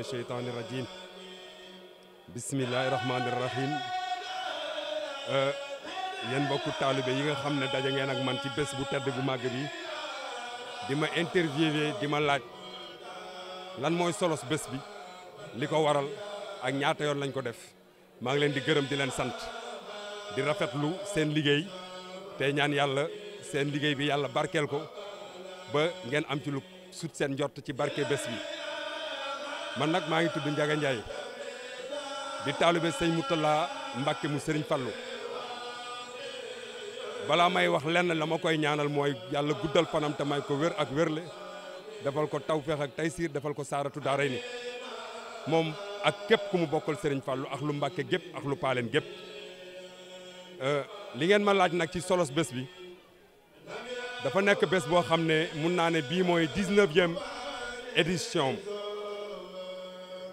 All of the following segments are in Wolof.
min asheytaani rajim bisimillahi rahmaani rahim yéen mbokku taalibe yi nga xam ne daje ngeen ak man ci bés bu tedd bu màgg bi di ma interviewé di ma laaj lan mooy solos bés bi li ko waral ak ñaata yoon lañ ko def maa ngi leen di gërëm di leen sant di rafetlu seen liggéey tey ñaan yàlla seen liggéey bi yàlla barkeel ko ba ngeen am ci lu sut seen njort ci barke bés bi man nag maa ngi tudd Ndiaga Ndiaye di taalibe sëñ Moutalla Mbacke mu sëriñ Fallou balaa may wax lenn la ma koy ñaanal mooy yàlla guddal fanam te may ko wér ak wérle defal ko taw tawféex ak taysiir defal ko saaratu daaray ni moom ak képp ku mu bokkal sëriñ Fallou ak lu Mbacke gépp ak lu paaleen gépp euh, li ngeen ma laaj nag ci solos bés bi dafa nekk bés boo xam ne mun naa ne bii mooy dix-neuvième édition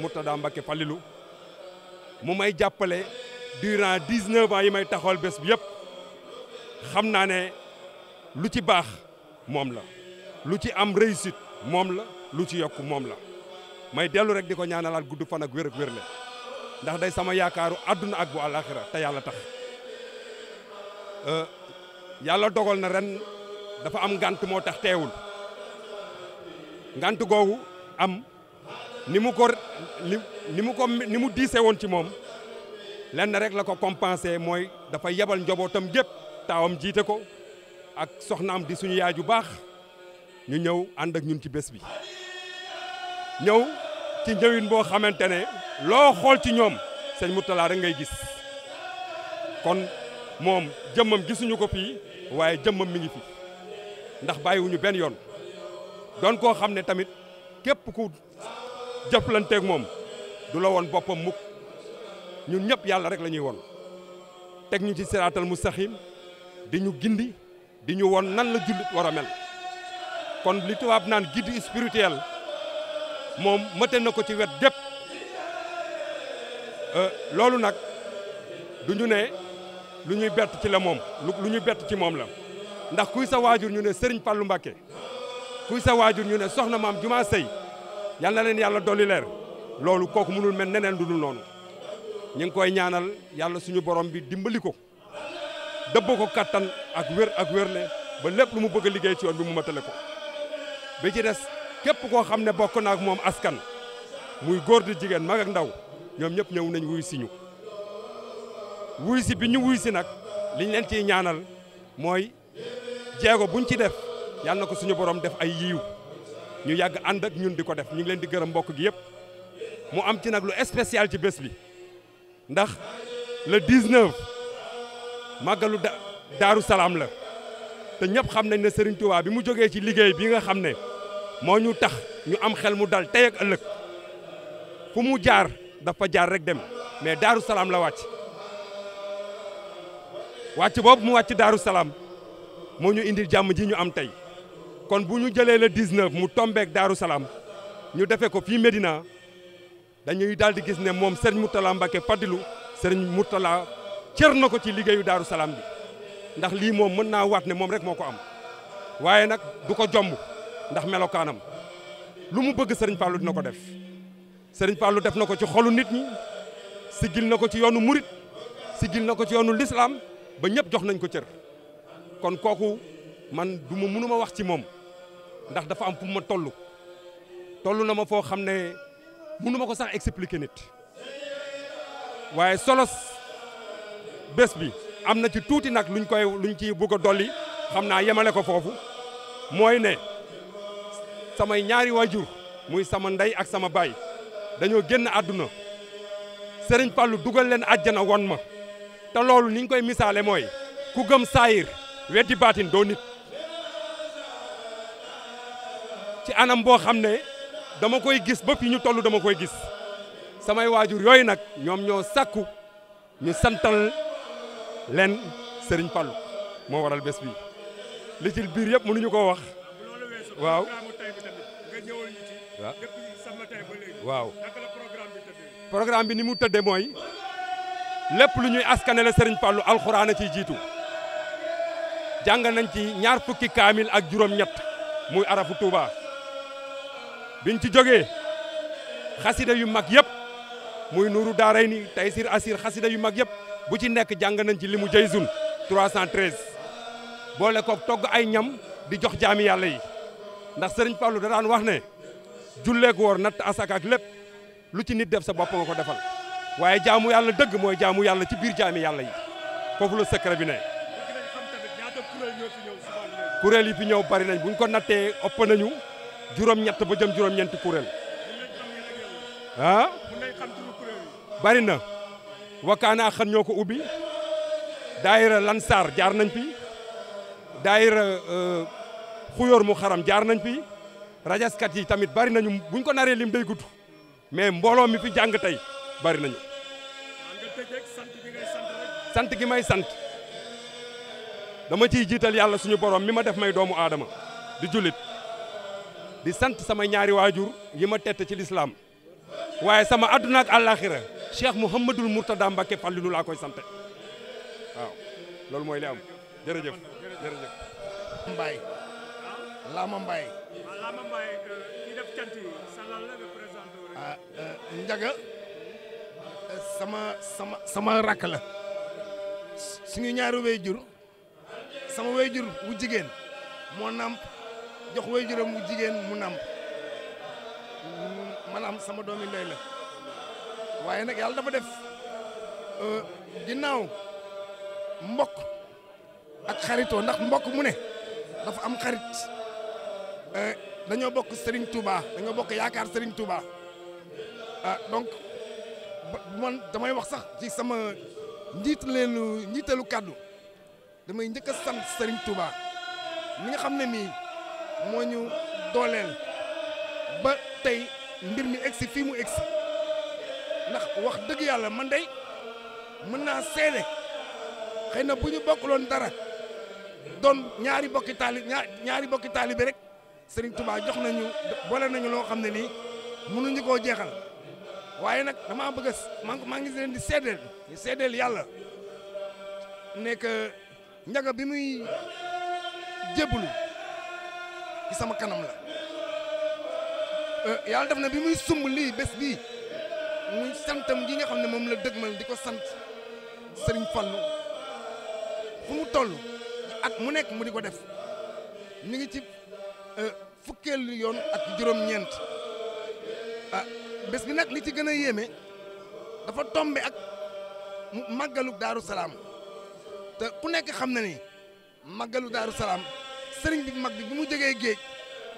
Mourtada Mbacké Falilou mu may jàppale durant dix-neuf ans yi may taxawal bés bi yëpp xam naa ne lu ci baax moom la lu ci am réussite moom la lu ci yokk moom la may dellu rek di ko ñaanalaal gudd fan ak wér ak wér le ndax day sama yaakaaru àdduna ak bu àllaaxira te yàlla tax euh, yàlla dogal na ren dafa am ngant moo tax teewul ngant googu am ni mu ko ni mu ko ni mu diisee woon ci moom lenn rek la ko compensé mooy dafa yebal njabootam jépp taawam jiite ko ak soxnaam di suñu yaay ju baax ñu ñëw ànd ak ñun ci bés bi ñëw ci njëwin boo xamante ne loo xool ci ñoom sëñ Mourtala rek ngay gis kon moom jëmmam gisuñu ko fii waaye jëmmam mi ngi fi ndax bàyyiwuñu benn yoon doon koo xam ne tamit képp ku jëflanteeg moom du la woon boppam mukk ñun ñëpp yàlla rek la ñuy woon teg ñu ci siraatal mustaxim di ñu gindi di ñu woon nan la jullit war kon li tubaab naan guide spirituel moom mëte na ko ci wet dépp euh, loolu nag du ñu ne lu ñuy bett ci la moom lu ñu bett ci moom la ndax kuy sa waajur ñu ne Serigne Fallou Mbacké kuy sa ñu ne soxna maam Juma Sey yal na leen yàlla dolli leer loolu kooku mënul mel neneen du dul noonu ñu ngi koy ñaanal yàlla suñu borom bi dimbali ko dëbb ko kattan ak wér ak wér le ba lépp lu mu bëgg a liggéey ci yoon bi mu matale ko bi ci des képp koo xam ne bokk na ak moom askan muy góor di jigéen mag ndaw ñoom ñëpp ñëw nañ wuy si ñu wuy bi ñu wuy si nag liñ leen ciy ñaanal mooy jeego buñ ci def yàlla na ko suñu borom def ay yiiw ñu yàgg ànd ak ñun di ko def ñu ngi leen di gërëm mbokk gi yëpp mu am ci nag lu spécial ci bés bi ndax le 19 màggalu da daaru salaam la te ñëpp xam nañ ne Serigne Touba bi mu jógee ci liggéey bi nga xam ne moo ñu tax ñu am xel mu dal tey ak ëllëg fu mu jaar dafa jaar rek dem mais daaru salaam la wàcc wàcc boobu mu wàcc daaru salaam moo ñu indil jàmm ji ñu am tey kon bu ñu jëlee le 19 mu tombeek Daaru Salaam ñu defee ko fii Médina dañuy daal di gis ne moom Serigne Mourtala Mbacke Fadilou Serigne Mourtala cër na ko ci liggéeyu Daaru Salaam bi ndax lii moom mën naa waat ne moom rek moo ko am waaye nag du ko jomb ndax melokaanam lu mu bëgg Serigne Fallou dina ko def Serigne Fallou def na ko ci xolu nit ñi sigil na ko ci yoonu murit sigil na ko ci yoonu lislaam ba ñëpp jox nañ ko cër kon kooku man du ma mënuma wax ci moom ndax dafa am fu ma toll tollu na ma foo xam ne mënu ma ko sax expliquer nit waaye solos bés bi am na ci tuuti nag luñ koy luñ ci bëgg a dolli xam naa yemale ko foofu mooy ne sama ñaari waajur muy sama ndey ak sama baay dañoo génn àdduna Serigne Fallou dugal leen àjjana won ma te loolu ni koy misaale mooy ku gëm saayir weddi baatin doo nit ci anam boo xam ne dama koy gis ba fi ñu toll dama koy gis samay waajur yooyu nag ñoom ñoo sàkku ñu santal leen Serigne moo waral bés bi li ci biir yëpp ñu ko wax waaw waaw programme bi ni mu tëdde mooy lépp lu ñuy askanele Serigne Fallou alxuraan a ciy jiitu jàng nañ ci ñaar fukki kaamil ak juróom-ñett muy arafu Touba biñ ci jógee xasida yu mag yëpp muy nuuru daaray ni taysir asir xasida yu mag yëpp bu ci nekk jàng nañ ci li mu jëy sun 313 boole koog togg ay ñam di jox jaami yàlla yi ndax sëriñ Pawlu da daan wax ne julleeg woor natt asaka ak lépp lu ci nit def sa bopp nga ko defal waaye jaamu yàlla dëgg mooy jaamu yàlla ci biir jaami yàlla yi foofu la secret bi ne kuréel yi fi ñëw bari nañ buñ ko nattee ëpp nañu juróom-ñett ba jëm juróom-ñeenti kuréel ah bari na wakaanaa ñoo ko ubbi daay daayira Lansar jaar nañ fi daayira euh, xuyóor mu xaram jaar nañ fi rajaskat yi tamit bari nañu buñ ko naree lim day gudd mais mbooloo mi fi jàng tey bari nañu sant gi may sant dama ciy jiital yàlla suñu borom mi ma def may doomu aadama di jullit di sant sama ñaari waajur yi ma tett ci lislaam waaye sama àdduna ak àllaaxira cheikh mouhamadul a mbàkke fàllilu laa koy sante waaw loolu mooy li am jërëjëf jërëjëf mbaay mbaay njaga sama sama sama rakk la suñu ñaari waajur sama waajur bu jigéen moo namp jox way juróom jigéen mu nàmp maanaam sama doomi ndey la waaye nag yàlla dafa def euh, ginnaaw mbokk ak xaritoo ndax mbokk mu ne dafa am xarit euh, dañoo bokk Serigne Touba dañoo bokk yaakaar Serigne Touba ah donc man damay wax sax ci sama njiit leenu njiitalu kàddu damay njëkk a sant Serigne Touba mi nga xam ne nii. moo ñu dooleel ba tey mbir mi egsi fii mu egsi ndax wax dëgg yàlla man dey mën naa seede xëy na bu ñu bokkuloon dara doon ñaari bokki taali ñaari bokki taali bi rek Serigne Touba jox nañu boole nañu loo xam ne nii mënuñu koo jeexal waaye nag dama bëgg a maa ngi leen di seedeel yàlla nekk njaga bi muy jébbalu ci sama kanam la euh, yàlla def na bi muy sumb lii bés bii muy santam gi nga xam ne moom la dëgmal di ko sant sëriñ Fallou fu mu toll at mu nekk mu di ko def mu ngi ci euh, fukkeelu yoon ak juróom-ñeent ah bés bi nag li ci gën a yéeme dafa tombe ak màggalu Daaru Salaam te ku nekk xam na ni màggalu Daaru Salaam sëriñ bi mag bi bi mu jógee géej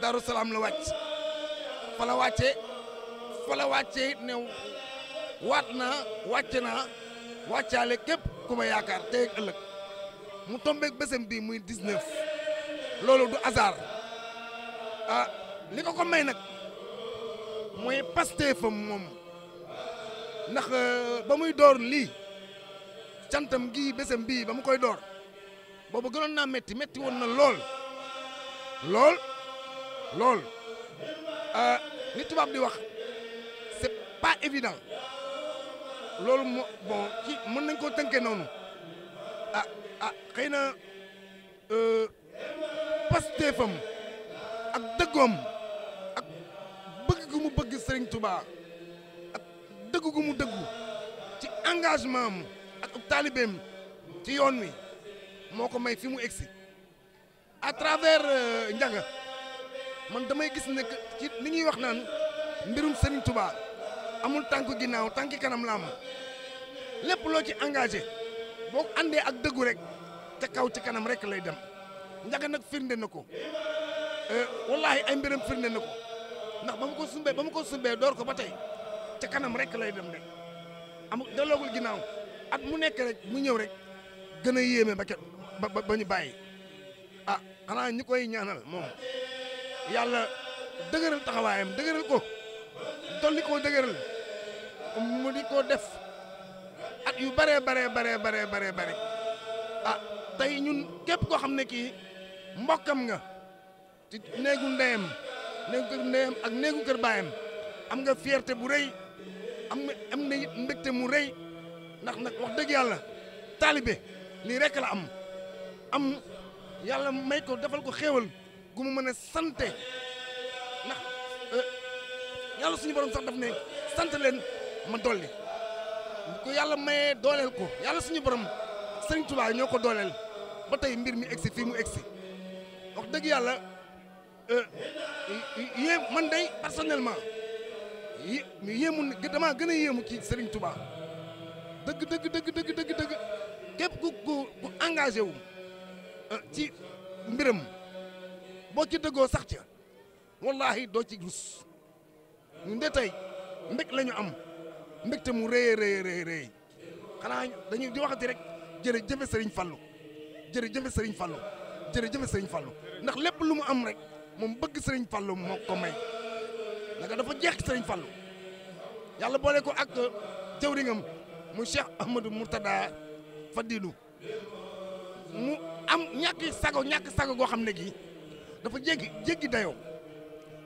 Darou Salaam la wàcc fa la wàccee fa la wàccee ne waat naa wàcc naa wàccaale képp ku ma yaakaar tey ëllëg mu tombeeg bésam bii muy 19 loolu du hasard ah li ko ko may nag mooy pasteefam moom ndax euh, ba muy door lii cantam gii bésam bii ba mu koy door boobu gënoon naa metti metti woon na lool Lol, lol, euh, c'est pas évident Lol, bon ci meun nañ ko teunké nonou ah ah euh ak deggom ak bëgg gu bëgg Touba ak ci engagement am ak talibem ci may à travers euh, Ndiaga man damay gis ne ci li ñuy wax naan mbirum Serigne Touba amul tànk ginnaaw tànk kanam la am lépp loo ci engage boo àndee ak dëggu rek ca kaw ci kanam rek lay dem Ndiaga nag firnde na ko euh, wallahi ay mbiram firnde na ko ndax ba mu ko sumbee ba mu ko sumbee door ko ba tey ca kanam rek lay dem de am daloogul ginnaaw at mu nekk rek mu ñëw rek gën a yéeme ba ba ba ñu bàyyi. ah xanaa ñi koy ñaanal moom yàlla dëgëral taxawaayam dëgëral ko dolli koo dëgëral mu di ko def at yu baree baree bare baree baree bare ah tey ñun képp koo xam ne kii mbokkam nga ci néegu ndeyam néegu kër ndeyam baayam am nga fierté bu rëy am nga mu rëy ndax nag wax dëgg yàlla taalibe lii rek la am am yàlla may ko defal ko xéewal gu mu mën a sante ndax euh, yàlla suñu borom sax daf ne sant leen ma dolli ko yàlla mayee dooleel ko yàlla suñu borom sëriñ Tuubaa ñoo ko dooleel ba tey mbir mi egsi fi mu egsi wax dëgg yàlla euh, yéem man day personnellement yi yéemu damaa gën a yéemu ci sëriñ Tuubaa dëgg dëgg dëgg dëgg dëgg dëgg képp ku ku wu ci mbiram boo ci dëggoo sax ca wallaahi doo ci rus ñun de tey mbég la ñu am mbégte mu rëy rëy rëy rëy xanaa dañuy di waxati rek jërëjëf Serigne Fallou jërëjëf Serigne Fallou jërëjëf Serigne Fallou ndax lépp lu mu am rek moom bëgg Serigne Fallou moo ko may naka dafa jeex Serigne Fallou yàlla boole ko ak jëwriñam mu Cheikh Ahmadou Mourtada Fadilou mu. am ñàkk sago ñàkk sago goo xam ne gi dafa jéggi jéggi dayoo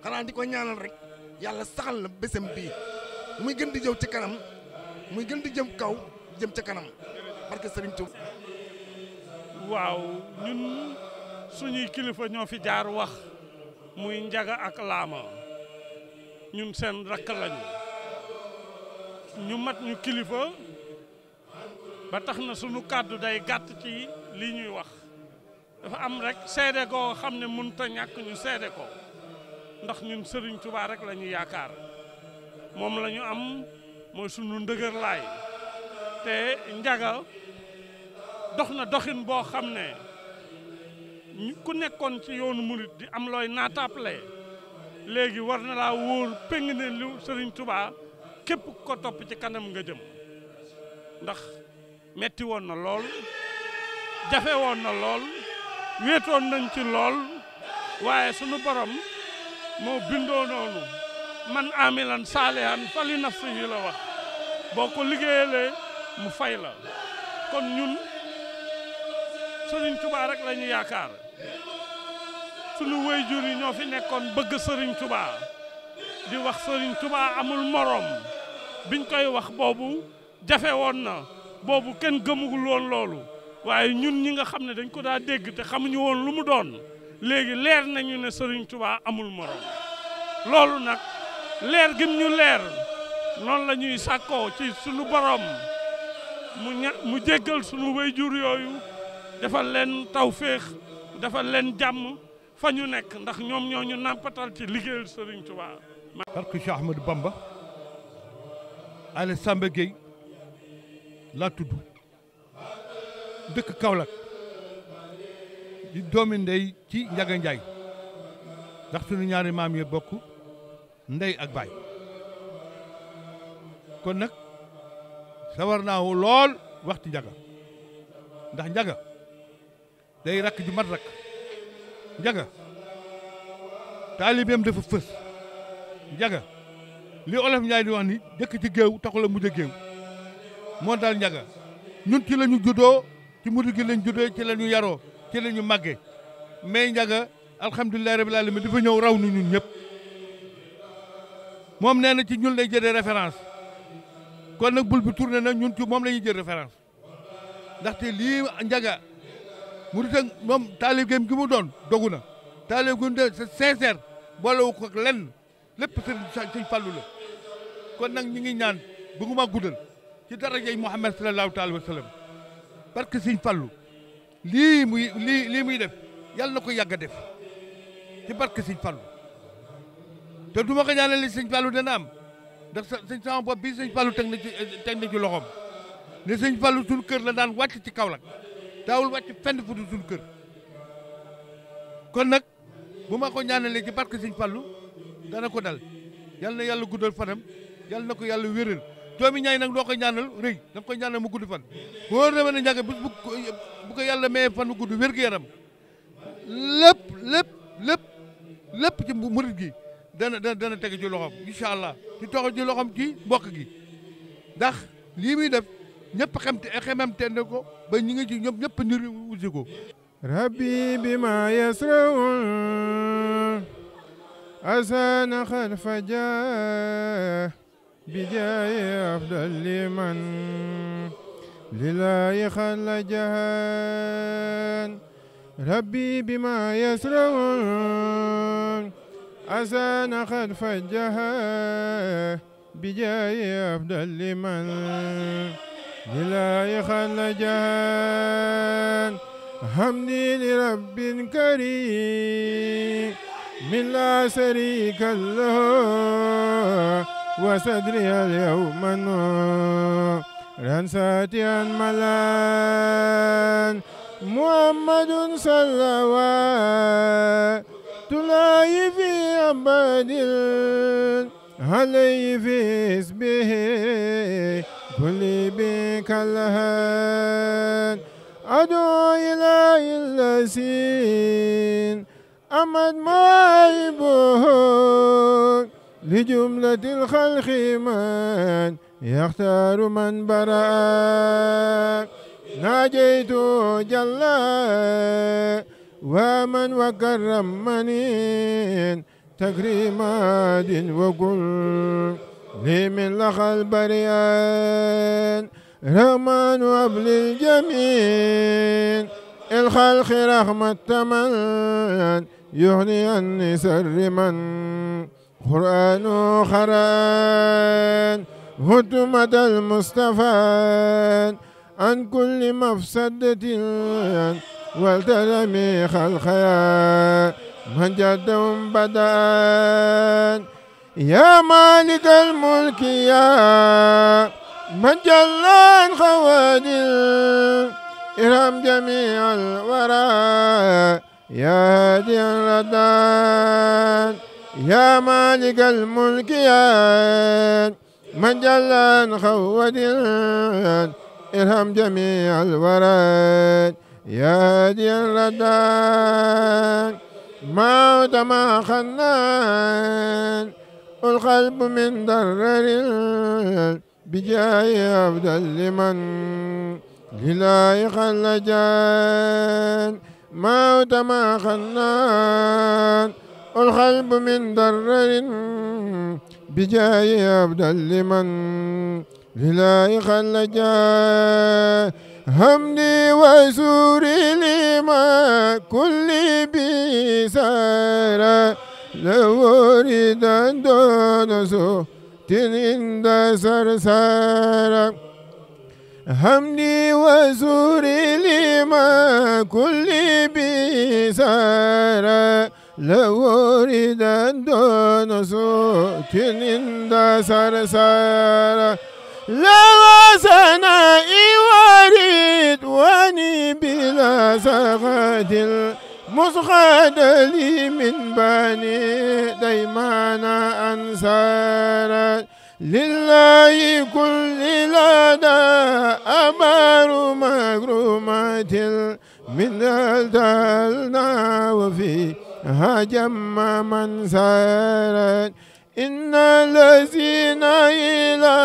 xanaa di ko ñaanal rek yàlla saxal la bésam bii muy gën di jëw ci kanam muy gën di jëm kaw jëm ca kanam barke Serigne Touba. waaw ñun suñuy kilifa ñoo fi jaar wax muy njaga ak laama ñun seen rakk lañu ñu mat ñu kilifa ba tax na suñu kàddu day gàtt ci li ñuy wax dafa am rek seede koo xam ne mënut ñàkk ñu seede ko ndax ñun sëriñ tubaa rek la yaakaar moom la ñu am mooy sunu ndëgër laay te njaga dox na doxin boo xam ne ku nekkoon ci yoonu murit di am looy naataple léegi war na laa wóor péng ne lu Serigne Touba képp ko topp ci kanam nga jëm ndax metti woon na lool jafe woon na lool wéetoon nañ ci lool waaye sunu borom moo bindoo noonu man amilan saalihan fali nafsihi la wax boo ko liggéeyalee mu fay la kon ñun Serigne Touba rek lañu yaakaar sunu waajur yi ñoo fi nekkoon bëgg sëriñ Touba di wax Serigne Touba amul morom biñ koy wax boobu jafe woon na boobu kenn gëmugul woon loolu waaye ñun ñi nga xam ne dañ ko daa dégg te xamuñu woon lu mu doon léegi leer nañu ne Serigne Touba amul morom loolu nag leer gim ñu leer noonu la ñuy sàkkoo ci sunu borom mu ña mu jéggal sunu wayjur yooyu defal leen tawféex defal leen jàmm fa ñu nekk ndax ñoom ñoo ñu nàmpatal ci liggéeyal Serigne Touba. barke Cheikh Ahmadou Bamba Alé Samba Gueye laa tudd. dëkk Kaolack di doomi ndey ci Njaga Njaay ndax sunu ñaari maam yi bokk ndey ak baay kon nag sawar naa lool wax ci Njaga ndax Njaga dey rakk ju mat rakk Njaga taalibeem dafa fës Njaga li olof Njaay di wax ni dëkk ci géew taxu la mujj a géew moo daal Njaga ñun ci juddoo ci mudu gi lañ juddoo ci la ñu yaroo ci la ñu màggee mais njaga alhamdulilah rabil alamin dafa ñëw raw nu ñun ñëpp moom nee na ci ñun lay jëlee référence kon nag bul bi tourné na ñun ci moom la ñuy jël ndaxte lii njaga murit ak moom taalibeem gi mu doon dogu na taalibe gi mu doon c'est sincère boolewu ko lenn lépp sëñ fàllu la kon nag ñi ngi ñaan bëgguma guddal ci darajay Muhammad sallallahu taala wa sallam barke Sëñ Fallu lii muy lii lii muy def yàlla na ko yàgg a def ci barke siñ Fallu te du ma ko ñaanal li Sëñ Fallu dana am ndax sa sëñ sama bopp bii Sëñ Fallu teg na ci teg na ci loxoom ne siñ Fallu suñu kër la daan wàcc ci Kaolack daawul wàcc fenn fu dul suñu kër kon nag bu ma ko ñaanalee ci barke Sëñ Fallu dana ko dal yàlla na yàlla guddal fanam yàlla na ko yàlla wéral doomi ñay nak doo koy ñaanal reuy da koy ñaanal mu gudd fan woor na ma ne bu bu ko yalla may fan gudd wër gu yaram lepp lepp lepp lepp ci mourid gi dana dana dana teg ci loxoom inshallah ci tok ci loxoom ci mbokk gi ndax li muy def ñepp xam te xemam tend ko ba ñi nga ci ñom ñepp ñu wusi ko rabbi bima yasrun asana khalfaja بجاي أفضل لمن للا يخل جهان ربي بما يسرون أسان قد فجها بجاي أفضل لمن للا يخل جهان حمدي لرب كريم من لا شريك له وصدري اليوم نورا ساتيا ملان محمد صلوات الله في عبد علي في اسمه كل بك الهان أدعو إلى الذين أمد معيبه لجملة الخلق من يختار من برأ ناجيت جل ومن وكرم من تكريمات وقل لمن لخ البريان رحمن وابل الجميل الخلق رحمة من يغني النسر من قرآن خران هتمة المصطفى عن كل مفسدة والتلمي خلقيا من جد بدأ يا مالك الملك يا من جل الخوادم إرام جميع الورى يا هادي الردان يا مالك الملك يا من جل خود ارحم جميع الورد يا هادي الردان ما ما خنان القلب من درر بجاه عبد لمن للايق خلجان ما ما خنان والقلب من درر بجاي أبدا لمن للائقا لجا همني وسوري لما كل بسارة لو أريد دون سوء عند سرسارة همني وسوري لما كل بسارة لوريدن دونسو تنين سرسارة لوسنا وريد واني بلا سخات المسخد لي من بني ديمان أنسارت لله كل لدى أمر مكرمات من الدلنا وفي هجم من سارت إن الذين إلى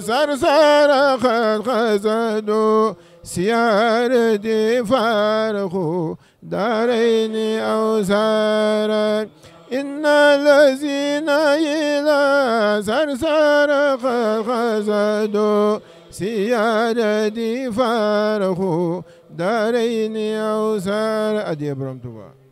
سرسار قد خسدوا سيار دي فارخو دارين أو سارت إن الذين إلى سرسار قد خسدوا سيار دي فارخو دارين أو سارت أدي برمتوا